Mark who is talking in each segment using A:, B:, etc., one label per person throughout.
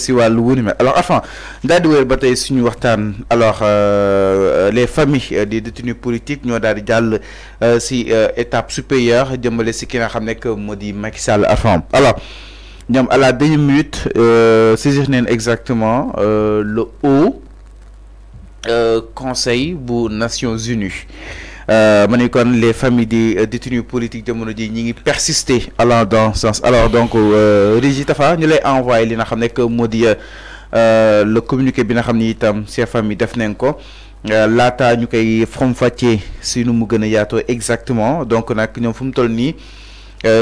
A: si alors enfin daal di wéyal suñu alors euh, les familles euh, des détenus politiques ñoo ont di jàll euh, si étape supérieure de si ki nga xam modi moo Macky Sall enfin alors nous à la dernière minute euh, c'est exactement le haut conseil bu Nations Unies. Euh, ma kon les familles des euh, détenus politiques de Monodi ñi ngi persister allant dans sens alors donc euh, Régis Tafa ñu lay envoyé li nga xamné que modi euh le communiqué bi nga xam tam itam ces familles def nañ ko lata ñu koy faram-fàccee si nu mu gëna yato exactement donc nak ñom fu mu toll ni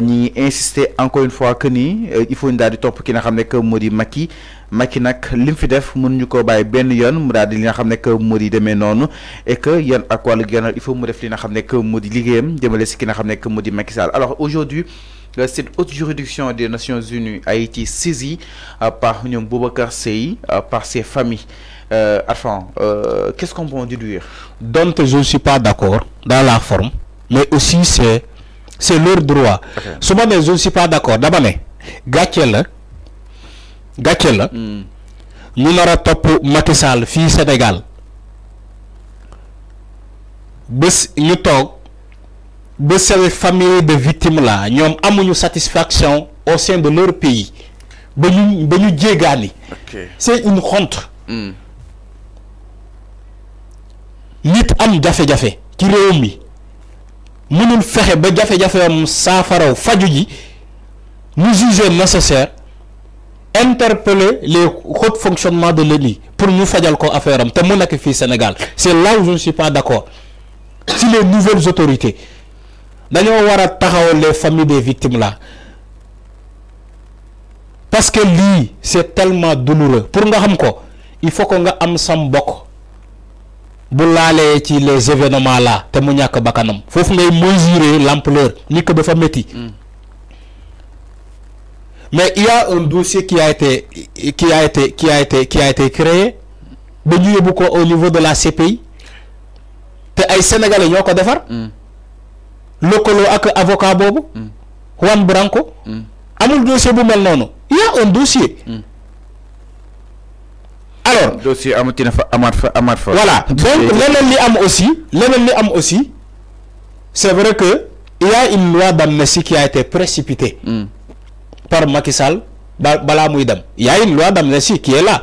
A: ni euh, insister encore une fois que ni euh, il faut une date de top ki n'a xam que Modi Maki Macky Macky nag li fi def mënuñu ko bay ben yoon mu li nga xam que Modi di demee et que yan ak wàllu gànnaaw il faut mu def li nga que Modi di liggéeyam ci ki nga xam que Modi Macky Sall alors aujourd'hui euh, cette haute juridiction des Nations Unies a été saisie par ñom Boubacar Seyi par ses familles Arfan qu'est-ce qu'on peut en déduire
B: donc je ne suis pas d'accord dans la forme mais aussi c'est c'est leur droit su ma je ne suis pas d'accord d'abord mais gàcce la nous la hmm. ñu pour un topp Macky Sall fii Sénégal bés ñu toog famille de victimes là avons une satisfaction au sein de leur pays Nous avons ba c'est une honte hmm. nit am jafe-jafe ci réew mi mënul fexe ba jafe sa saafaraw faju ji nous juger nécessaire interpeller les hautes fonctionnements de l'ENI pour ñu fajal ko affaire am te mu nekk fii Sénégal c'est là où je ne suis pas d'accord si les nouvelles autorités dañoo war a les familles des victimes là parce que lii c'est tellement douloureux pour nga xam ko il faut qu'on nga am sa bu laalee ci les événements là te mu ñàkk bakkanam foofu ngay mesurer l'ampleur ni que dafa métti hmm. mais il a un dossier qui a été qui été qui été qui été créé ba ñu yóbbu ko au niveau de la CPI te ay sénégalais ñoo ko defar hmm. lëkkaloo ak avocat boobu hmm. Juan Branco amul dossier bu mel noonu il un dossier
A: alors voilà donc les li
B: am aussi leneen li am aussi c'est vrai que il y a une loi d'amnésie qui a été précipitée. Hmm. par Macky Sall bala la muy d'Am. il y a une loi d'amnésie qui est là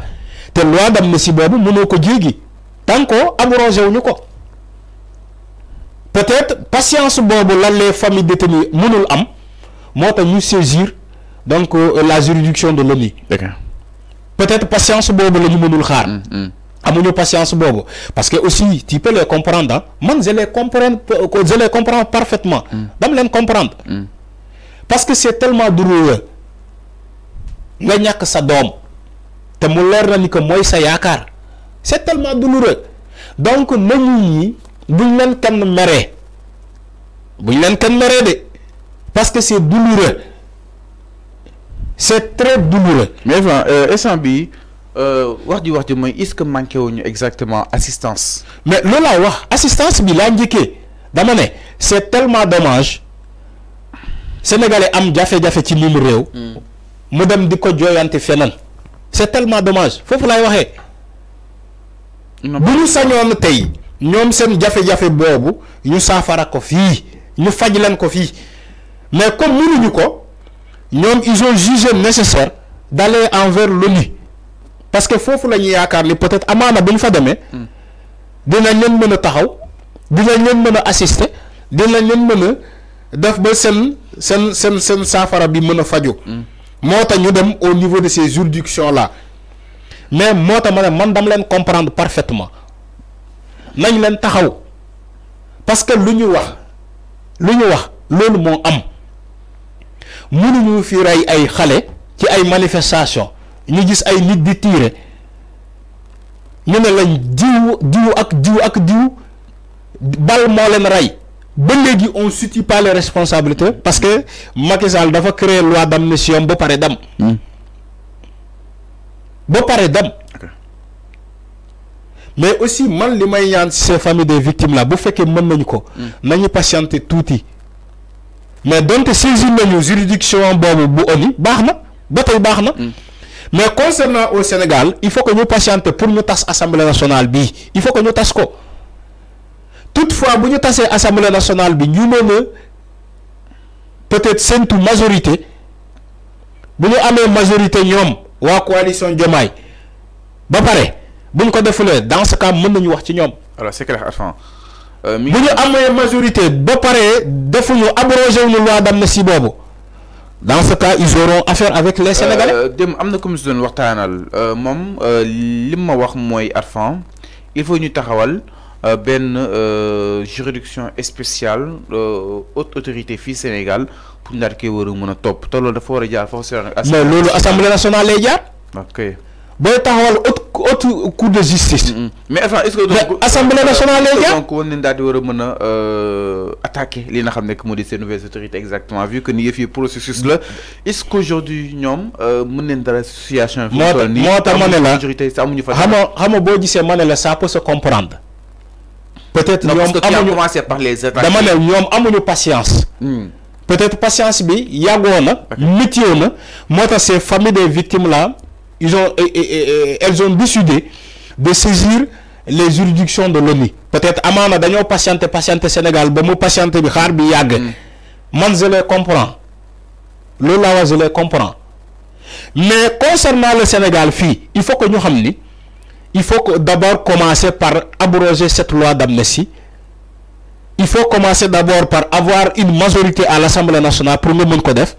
B: Té loi d'amnésie bobu mënoko ko Tanko tant que abrogé wuñu ko peut-être patience bobu lan les familles détenues mënul am Mota ñu saisir donc euh, la juridiction de l'ONU peut-être patience la ñu mënul xaar. Mm, mm. patience parce que aussi tu peux le comprendre hein. je les comprends je les comprends parfaitement. Mm. len comprendre. parce que c'est tellement douloureux nga ñak sa mu que nous, c'est tellement douloureux donc nous, ñi leen parce que c'est douloureux c'est très douloureux. mais bon euh,
A: Essambi, euh, wax est-ce que exactement assistance. mais Lola,
B: assistance bi c'est tellement dommage sénégalais am jafe-jafe ci mim Si
A: hmm.
B: mu dem c'est tellement dommage nous lay waxé. bu Nous sommes tay, ñom jafe jafé Bobu. ñu mais comme nous ko ñom ils ont jugé nécessaire d'aller envers lit parce que fofu lañu ñu li peut-être amana bu fa démé hmm. dinañ leen mëna taxaw dinañ leen mëna assister dinañ leen mëna a def ba seen sen sen sen safara bi mëna faju hmm. mota ñu dem au niveau de ces juridictions là mais mota tax man dam leen comprendre parfaitement nañ leen taxaw parce que luñu wax luñu wax loolu mo am nous fi ray ay xalé ci ay manifestation ñu gis ay nit di Nous ñu ne lañ tirs. Nous ak fait ak tirs. bal mo leen ray ba on pas les responsabilités parce que Macky Sall dafa créer loi d'amnistie ba pare dam hmm. ba pare dam mais aussi man li ñaan ces familles des victimes là bu ko hmm. patienter touti mais donte ces nañu juridiction boobu bu ONU baxna na baxna hmm. mais concernant au Sénégal il faut que ñu patienter pour ñu tas assemblée nationale bi il faut que nous tas ko toutefois bu ñu tasee assemblée nationale bi ñu mëna peut-être une majorité bu ñu une majorité ñom wa coalition jomay ba paré buñ ko defulee dans ce cas mëna ñu wax ci ñom
A: alors c'est clair enfin.
B: Euh, bu ñu amee majorité ba pare defuñu abrogé wuñu loi d'amnistie boobu dans ce cas ils auront affaire avec les sénégalais.
A: Euh, dem am na comme si doon waxtaanal euh, moom li ma wax mooy Arfan il faut ñu taxawal benn juridiction spéciale haute autorité fii Sénégal pour ñu daal koy war a mën a topp te loolu dafa mais loolu assemblée nationale lay jaar. ok y autre autre coup de justice. mais est-ce que nationale est donc on euh, nouvelles autorités exactement vu que processus est-ce qu'aujourd'hui euh, nous situation.
B: la ça peut se comprendre. peut-être nous avons commencé par les nous avons patience. Hmm. peut-être patience ces des victimes là ils ont, et, elles ont décidé de saisir les juridictions de l'ONU. Peut-être amana dañoo patiente patiente Sénégal ba patiente bi xaar bi yag. Mm. man je les comprends Le je les comprends mais concernant le Sénégal fille il faut que nous xam il faut que d'abord commencer par abroger cette loi d'amnésie. il faut commencer d'abord par avoir une majorité à l'Assemblée nationale pour le monde ko def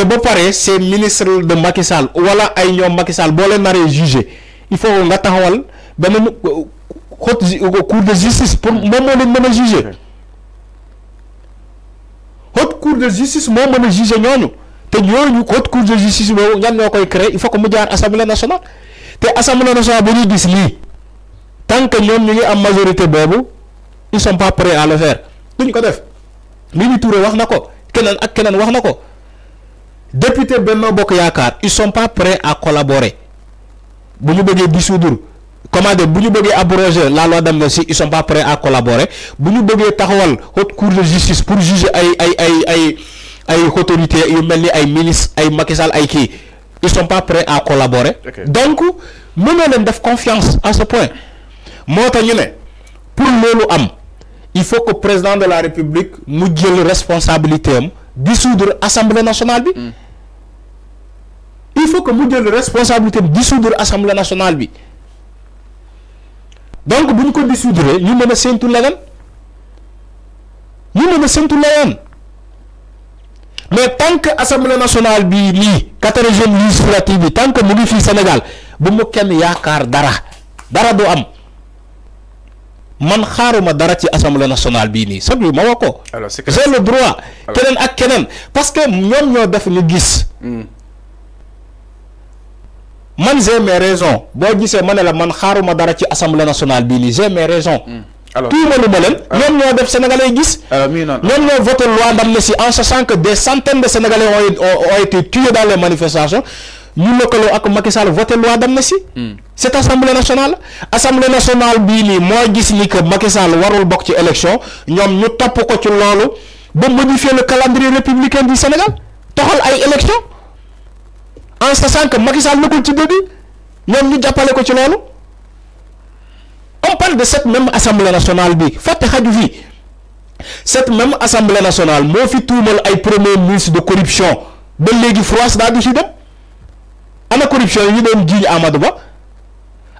B: te ba pare ces ministres de Macky Sall wala ay ñoom Macky Sall boo leen naree jugé il faut nga taxawal benn haute cour de justice pour moom moo leen mën a jugé haute de justice moo mën a jugé ñooñu te ñooñu haute cour de justice boobu ñan ñoo koy créer il faut que mu jaar assemblée nationale te assemblée nationale bu ñuy gis lii tant que ñoom ñu ngi am majorité boobu ils sont pas prêts à le faire duñ ko def mini Touré wax na ko keneen ak keneen wax na ko député Benno Bokk Yaakaar ils sont pas prêts à collaborer vous ñu bëggee dissoudre comment dire bu abroger la loi d'amnistie ils sont pas prêts à collaborer bu ñu bëggee taxawal haute cour de justice pour juger ay ay ay ay ay autorité yu ay ministre ay ils sont pas prêts à collaborer donc nous leen def confiance à ce point montagne pour le am il faut que président de la république nous la responsabilité dissoudre assemblée nationale bi. Hmm. il faut que ayons le responsabilité de dissoudre assemblée nationale bi donc bu ñu ko dissoudre ñu mën a séntu nous ñu mën a séntu mais tant que assemblée nationale bi li quatorzième législative tant que nous ngi au Sénégal bu mu kenn yaakaar dara dara do am man xaaruma dara ci assemblée nationale bii nii sabli ma woo ko j'ai le droit keneen ak keneen parce que ñoom ñoo def ñu gis hmm. man j'ai mes raisons boo gisee ma ne la man xaaruma dara ci assemblée nationale bii nii j'ai mes raisons hmm.
A: alors tuumalu ma leen
B: ñoom ñoo def sénégalais yi gis ñoom ñoo voté loi d'amnistie en sachant que des centaines de sénégalais ont été tués dans les manifestations ñu lëkkaloo ak Macky Sall voté loi d'Amnesty hmm. cette assemblée nationale assemblée nationale bii nii moo gis ni que Macky Sall warul bokk ci élection ñoom ñu topp ko ci loolu ba modifier le calendrier républicain du Sénégal toxal ay élection en sachant que Macky Sall nekkul ci début ñoom ñu jàppale ko ci loolu on parle de cette même assemblée nationale bi fàtte xaju fii cette même assemblée nationale moo fi tuumal ay premier ministre de corruption ba léegi France daa du si ana corruption yi ñu doon jiiñ Amadou Ba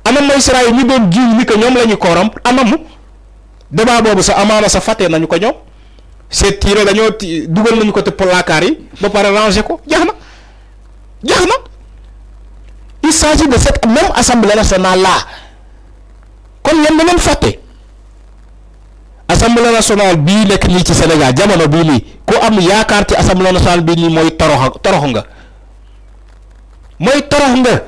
B: ana magistrat yi ñu doon jiiñ ni que ñoom la ñu kooram anamu débat boobu sa amaana sa fàtte nañu ko ñoom c'est tiré dañoo dugal nañu ko te placard yi ba pare ko jeex na jeex na il s'agit de cette même assemblée nationale là kon yéen da ngeen fàtte assemblée nationale bii nekk nii ci Sénégal jamono bii nii ku am yaakaar ci assemblée nationale bii nii mooy torox torox nga. mooy torox nga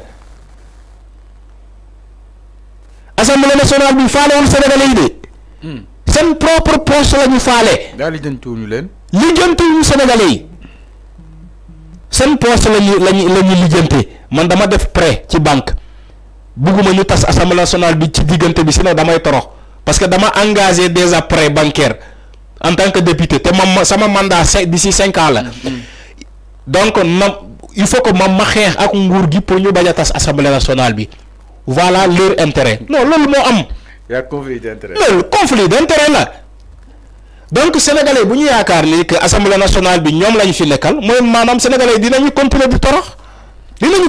B: assemblée nationale bi faalewul sénégalais yi de hmm. seen propre poche la faale.
A: daal lijjantiwuñu leen.
B: lijjantiwuñu sénégalais yi seen poche la ñuy la man dama def près ci banque bugguma ñu tas assemblée nationale bi ci diggante bi sinon damay torox parce que dama engagé déjà près bancaire en tant que député te ma sama mandat cinq d'ici cinq la hmm. donc na. il faut que ma ma ak nguur gi pour ñu bañ a tas assemblée nationale bi voilà leur intérêt non lolu mo am.
A: ya conflit d'intérêt non
B: conflit d'intérêt la donc sénégalais bu ñu yaakar ni que assemblée nationale bi ñom lañu fi nekkal moy manam sénégalais dinañu continuer du torox dinañu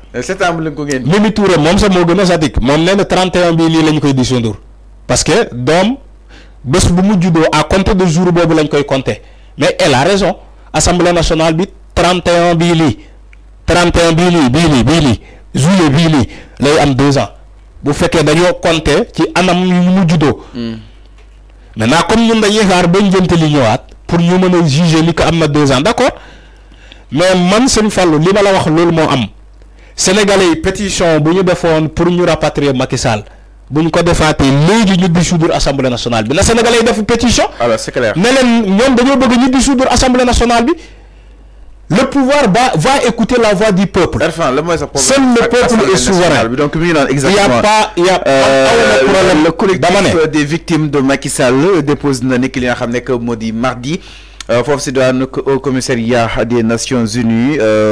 B: C'est eh, lañ ko génn. Mimi Touré mom 31 bi li lañ koy parce que dom bu mu à compter de jour bobu lañ koy compter mais elle a raison assemblée nationale bi 31 bi 31 bi li Bili, li je en lay am 2 ans bu féké dañu compter ci anam yu mu hmm. maintenant comme ñun dañuy xaar bañ pour ñu li ko na deux ans D'accord. mais man je fallu li ma la wax je mo am sénégalais pétition bu ñu defoon pour ñu rapatrier Macky Sall bu ñu ko defaatee léegi ñu dissoudre assemblée nationale bi na sénégalais yi def pétition. alors c'est clair ne leen ñoom dañoo bëgg ñu dissoudre assemblée nationale bi le pouvoir va écouter la voix du peuple. Erfan le seul le peuple est souverain donc
A: mi ngi naan exactement y a pas
B: il y a pas euh, problème le collectif
A: des victimes de Macky Sall dépose na nekk li nga xam ne que moo di mardi euh, foofu si au commissariat des Nations Unies. Euh,